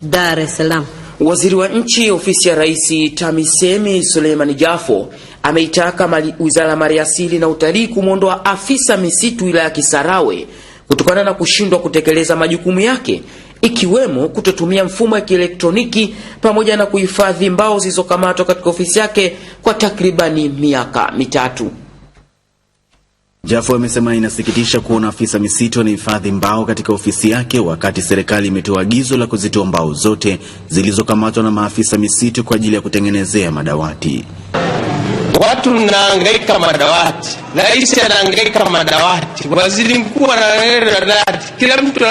Dar es Salaam. Waziri wa nchi ofisi ya Rais TAMISEMI Suleiman Jafo ameitaka wizara ya maliasili na utalii kumwondoa afisa misitu wilaya ya Kisarawe kutokana na kushindwa kutekeleza majukumu yake ikiwemo kutotumia mfumo wa kielektroniki pamoja na kuhifadhi mbao zilizokamatwa katika ofisi yake kwa takribani miaka mitatu. Jafo amesema inasikitisha kuona afisa misitu anahifadhi mbao katika ofisi yake wakati serikali imetoa agizo la kuzitoa mbao zote zilizokamatwa na maafisa misitu kwa ajili ya kutengenezea madawati. Watu mnaangaika madawati, rais anaangaika madawati, waziri mkuu anaangaika madawati, kila mtu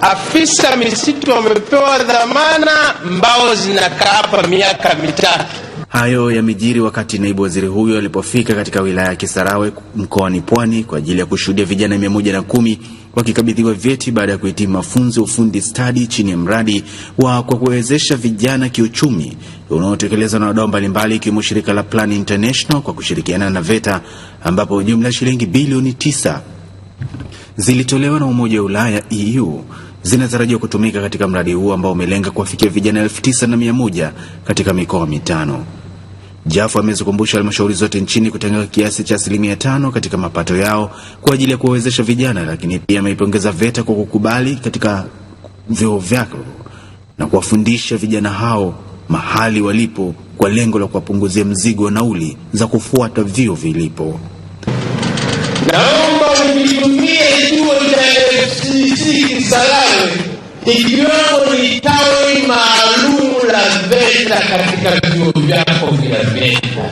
afisa misitu wamepewa dhamana, mbao zinakaa hapa miaka mitatu. Hayo yamejiri wakati naibu waziri huyo alipofika katika wilaya ya Kisarawe mkoani Pwani kwa ajili ya kushuhudia vijana mia moja na kumi wakikabidhiwa vyeti baada ya kuhitimu mafunzo ya ufundi stadi chini ya mradi wa kwa kuwezesha vijana kiuchumi unaotekelezwa na wadau mbalimbali ikiwemo shirika la Plan International kwa kushirikiana na VETA ambapo jumla shilingi bilioni tisa zilitolewa na Umoja wa Ulaya EU zinatarajiwa kutumika katika mradi huu ambao umelenga kuwafikia vijana elfu tisa na mia moja katika mikoa mitano. Jafu amezikumbusha halmashauri zote nchini kutenga kiasi cha asilimia tano katika mapato yao kwa ajili ya kuwawezesha vijana, lakini pia ameipongeza VETA kwa kukubali katika vyoo vyako na kuwafundisha vijana hao mahali walipo kwa lengo la kuwapunguzia mzigo wa nauli za kufuata vyuo vilipo. Naomba unitumie chuo cha FCC Kisarawe ni tawi unapenda katika vyuo vyako vya VETA.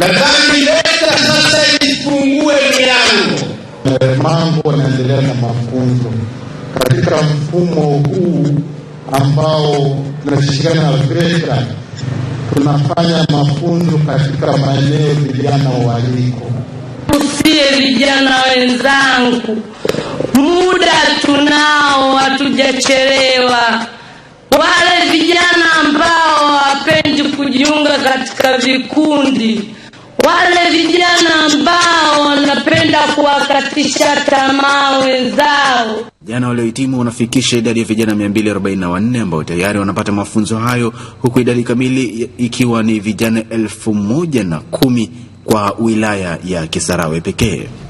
Nadhani VETA sasa ifungue milango. Walemavu wanaendelea na mafunzo katika mfumo huu ambao tunashirikiana na VETA, tunafanya mafunzo katika maeneo vijana waliko. Usie vijana wenzangu muda tunao, hatujachelewa. Wale vijana ambao hawapendi kujiunga katika vikundi, wale vijana ambao wanapenda kuwakatisha tamaa wenzao. Vijana waliohitimu wanafikisha idadi ya vijana 244 ambao tayari wanapata mafunzo hayo, huku idadi kamili ikiwa ni vijana elfu moja na kumi kwa wilaya ya Kisarawe pekee.